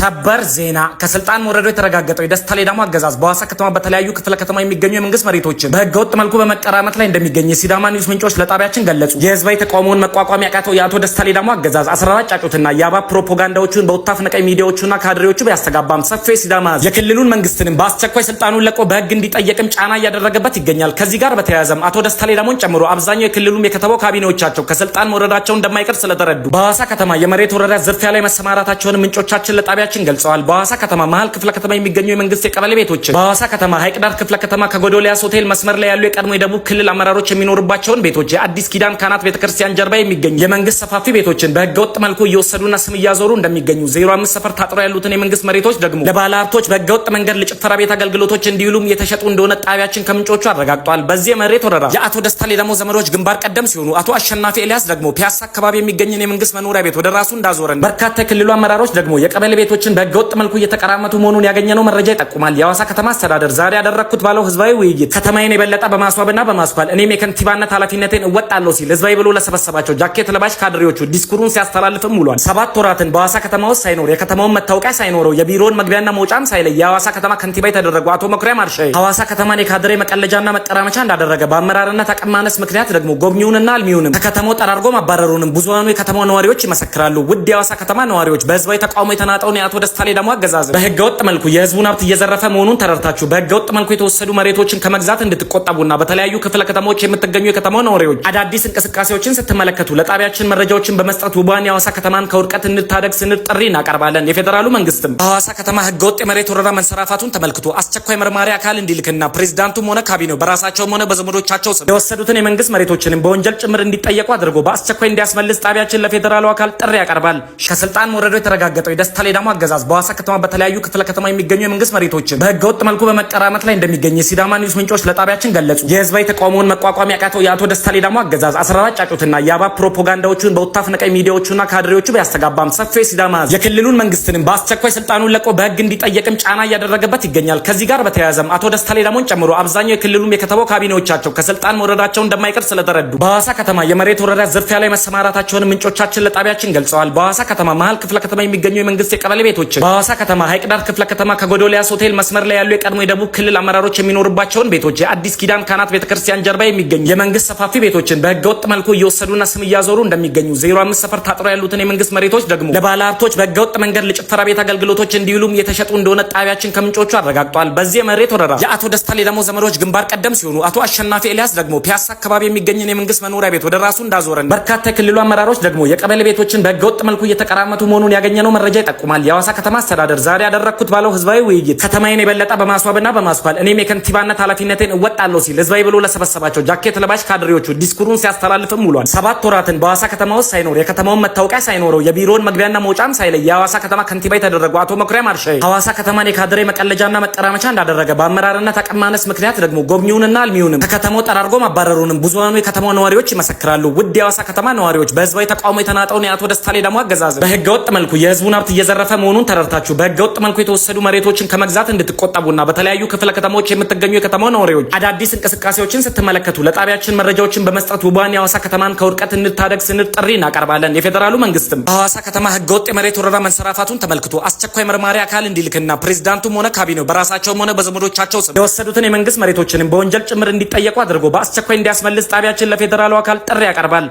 ሰበር ዜና ከስልጣን መውረዱ የተረጋገጠው የደስታ ሌዳሞ አገዛዝ በሐዋሳ ከተማ በተለያዩ ክፍለ ከተማ የሚገኙ የመንግስት መሬቶችን በህገወጥ መልኩ በመቀራመት ላይ እንደሚገኝ የሲዳማ ኒውስ ምንጮች ለጣቢያችን ገለጹ። የህዝባዊ ተቃውሞውን መቋቋም ያቃተው የአቶ ደስታ ሌዳሞ አገዛዝ አስራራ ጫጩትና የአባ ፕሮፓጋንዳዎቹን በወታፍ ነቃይ ሚዲያዎቹና ካድሬዎቹ ቢያስተጋባም ሰፊ የሲዳማ ህዝብ የክልሉን መንግስትንም በአስቸኳይ ስልጣኑን ለቆ በህግ እንዲጠየቅም ጫና እያደረገበት ይገኛል። ከዚህ ጋር በተያያዘም አቶ ደስታ ሌዳሞን ጨምሮ አብዛኛው የክልሉም የከተማው ካቢኔዎቻቸው ከስልጣን መውረዳቸው እንደማይቀር ስለተረዱ በሐዋሳ ከተማ የመሬት ወረዳ ዝርፊያ ላይ መሰማራታቸውን ምንጮቻችን ለጣቢያ ምንጮቻችን ገልጸዋል። በሐዋሳ ከተማ መሀል ክፍለ ከተማ የሚገኙ የመንግስት የቀበሌ ቤቶችን በሐዋሳ ከተማ ሀይቅ ዳር ክፍለ ከተማ ከጎዶሊያስ ሆቴል መስመር ላይ ያሉ የቀድሞ የደቡብ ክልል አመራሮች የሚኖሩባቸውን ቤቶች የአዲስ ኪዳን ካናት ቤተክርስቲያን ጀርባ የሚገኙ የመንግስት ሰፋፊ ቤቶችን በህገወጥ መልኩ እየወሰዱና ስም እያዞሩ እንደሚገኙ ዜሮ አምስት ሰፈር ታጥሮ ያሉትን የመንግስት መሬቶች ደግሞ ለባለ ሀብቶች በህገወጥ መንገድ ለጭፈራ ቤት አገልግሎቶች እንዲውሉም የተሸጡ እንደሆነ ጣቢያችን ከምንጮቹ አረጋግጧል። በዚህ የመሬት ወረራ የአቶ ደስታ ሌዳሞ ዘመዶች ግንባር ቀደም ሲሆኑ አቶ አሸናፊ ኤልያስ ደግሞ ፒያሳ አካባቢ የሚገኝን የመንግስት መኖሪያ ቤት ወደ ራሱ እንዳዞረን በርካታ የክልሉ አመራሮች ደግሞ የቀበሌ ቤቶች ሌሎችን በህገወጥ መልኩ እየተቀራመቱ መሆኑን ያገኘነው መረጃ ይጠቁማል። የሐዋሳ ከተማ አስተዳደር ዛሬ ያደረግኩት ባለው ህዝባዊ ውይይት ከተማዬን የበለጠ በማስዋብና በማስኳል እኔም የከንቲባነት ኃላፊነቴን እወጣለሁ ሲል ህዝባዊ ብሎ ለሰበሰባቸው ጃኬት ለባሽ ካድሬዎቹ ዲስኩሩን ሲያስተላልፍም ውሏል። ሰባት ወራትን በሐዋሳ ከተማ ውስጥ ሳይኖር የከተማውን መታወቂያ ሳይኖረው የቢሮውን መግቢያና መውጫም ሳይለይ የሐዋሳ ከተማ ከንቲባ የተደረጉ አቶ መኩሪያ ማርሻዬ ሐዋሳ ከተማን የካድሬ መቀለጃና መቀራመቻ እንዳደረገ በአመራርነት አቅም ማነስ ምክንያት ደግሞ ጎብኚውንና አልሚውንም ከከተማው ጠራርጎ ማባረሩንም ብዙሀኑ የከተማው ነዋሪዎች ይመሰክራሉ። ውድ የሐዋሳ ከተማ ነዋሪዎች በህዝባዊ ተቃውሞ የተናጠውን የአቶ ደስታሌ ደግሞ አገዛዝ በህገወጥ መልኩ የህዝቡን ሀብት እየዘረፈ መሆኑን ተረድታችሁ በህገወጥ መልኩ የተወሰዱ መሬቶችን ከመግዛት እንድትቆጠቡና በተለያዩ ክፍለ ከተማዎች የምትገኙ የከተማው ነዋሪዎች አዳዲስ እንቅስቃሴዎችን ስትመለከቱ ለጣቢያችን መረጃዎችን በመስጠት ውቧን የሐዋሳ ከተማን ከውድቀት እንድታደግ ስንል ጥሪ እናቀርባለን። የፌዴራሉ መንግስትም በሐዋሳ ከተማ ህገወጥ የመሬት ወረራ መንሰራፋቱን ተመልክቶ አስቸኳይ መርማሪ አካል እንዲልክና ፕሬዚዳንቱም ሆነ ካቢኔው በራሳቸውም ሆነ በዘመዶቻቸው ስም የወሰዱትን የመንግስት መሬቶችንም በወንጀል ጭምር እንዲጠየቁ አድርጎ በአስቸኳይ እንዲያስመልስ ጣቢያችን ለፌዴራሉ አካል ጥሪ ያቀርባል። ከስልጣን መውረዶ የተረጋገጠው የደስታ ሌዳሞ አገዛዝ በዋሳ ከተማ በተለያዩ ክፍለ ከተማ የሚገኙ የመንግስት መሬቶችን በህገወጥ መልኩ በመቀራመት ላይ እንደሚገኝ የሲዳማ ኒውስ ምንጮች ለጣቢያችን ገለጹ። የህዝባዊ ተቃውሞውን መቋቋም ያቃተው የአቶ ደስታ ሌዳሞ አገዛዝ አስራራ ጫጩትና የአባ ፕሮፓጋንዳዎቹን በወታፍ ነቃይ ሚዲያዎቹና ካድሬዎቹ ቢያስተጋባም ሰፊ የሲዳማ ህዝብ የክልሉን መንግስትንም በአስቸኳይ ስልጣኑን ለቆ በህግ እንዲጠየቅም ጫና እያደረገበት ይገኛል። ከዚህ ጋር በተያያዘም አቶ ደስታ ሌዳሞን ጨምሮ አብዛኛው የክልሉም የከተማው ካቢኔዎቻቸው ከስልጣን መውረዳቸው እንደማይቀር ስለተረዱ በሐዋሳ ከተማ የመሬት ወረዳ ዝርፊያ ላይ መሰማራታቸውን ምንጮቻችን ለጣቢያችን ገልጸዋል። በሐዋሳ ከተማ መሀል ክፍለ ከተማ የሚገኙ የመንግስት የቀበሌ ቤቶችን በሐዋሳ ከተማ ሀይቅዳር ክፍለ ከተማ ከጎዶሊያስ ሆቴል መስመር ላይ ያሉ የቀድሞ የደቡብ ክልል አመራሮች የሚኖሩባቸውን ቤቶች የአዲስ ኪዳን ካናት ቤተክርስቲያን ጀርባ የሚገኙ የመንግስት ሰፋፊ ቤቶችን በህገወጥ መልኩ እየወሰዱና ስም እያዞሩ እንደሚገኙ ዜሮ አምስት ሰፈር ታጥሮ ያሉትን የመንግስት መሬቶች ደግሞ ለባለ ሀብቶች በህገወጥ መንገድ ለጭፈራ ቤት አገልግሎቶች እንዲውሉም የተሸጡ እንደሆነ ጣቢያችን ከምንጮቹ አረጋግጧል። በዚህ የመሬት ወረራ የአቶ ደስታ ሌዳሞ ዘመዶች ግንባር ቀደም ሲሆኑ አቶ አሸናፊ ኤልያስ ደግሞ ፒያሳ አካባቢ የሚገኝን የመንግስት መኖሪያ ቤት ወደ ራሱ እንዳዞረን በርካታ የክልሉ አመራሮች ደግሞ የቀበሌ ቤቶችን በህገወጥ መልኩ እየተቀራመቱ መሆኑን ያገኘነው መረጃ ይጠቁማል። የሐዋሳ ከተማ አስተዳደር ዛሬ ያደረግኩት ባለው ህዝባዊ ውይይት ከተማዬን የበለጠ በማስዋብና በማስኳል እኔም የከንቲባነት ኃላፊነቴን እወጣለሁ ሲል ህዝባዊ ብሎ ለሰበሰባቸው ጃኬት ለባሽ ካድሬዎቹ ዲስኩሩን ሲያስተላልፍም ውሏል። ሰባት ወራትን በሐዋሳ ከተማ ውስጥ ሳይኖር የከተማውን መታወቂያ ሳይኖረው የቢሮውን መግቢያና መውጫም ሳይለይ የሐዋሳ ከተማ ከንቲባ የተደረጉ አቶ መኩሪያ ማርሻዬ ሐዋሳ ከተማን የካድሬ መቀለጃና መቀራመቻ እንዳደረገ በአመራርነት አቅም ማነስ ምክንያት ደግሞ ጎብኚውንና አልሚውንም ከከተማው ጠራርጎ ማባረሩንም ብዙሀኑ የከተማው ነዋሪዎች ይመሰክራሉ። ውድ የሐዋሳ ከተማ ነዋሪዎች በህዝባዊ ተቃውሞ የተናጠውን የአቶ ደስታ ሌዳሞ አገዛዝ በህገወጥ መልኩ የህዝቡን ሀብት እየዘረፈ መሆኑን ተረድታችሁ በህገ ወጥ መልኩ የተወሰዱ መሬቶችን ከመግዛት እንድትቆጠቡና በተለያዩ ክፍለ ከተማዎች የምትገኙ የከተማው ነዋሪዎች አዳዲስ እንቅስቃሴዎችን ስትመለከቱ ለጣቢያችን መረጃዎችን በመስጠት ውቧን የሐዋሳ ከተማን ከውድቀት እንድታደግ ስንል ጥሪ እናቀርባለን። የፌዴራሉ መንግስትም በሐዋሳ ከተማ ህገ ወጥ የመሬት ወረራ መንሰራፋቱን ተመልክቶ አስቸኳይ መርማሪ አካል እንዲልክና ፕሬዚዳንቱም ሆነ ካቢኔው በራሳቸውም ሆነ በዘመዶቻቸው ስም የወሰዱትን የመንግስት መሬቶችንም በወንጀል ጭምር እንዲጠየቁ አድርጎ በአስቸኳይ እንዲያስመልስ ጣቢያችን ለፌዴራሉ አካል ጥሪ ያቀርባል።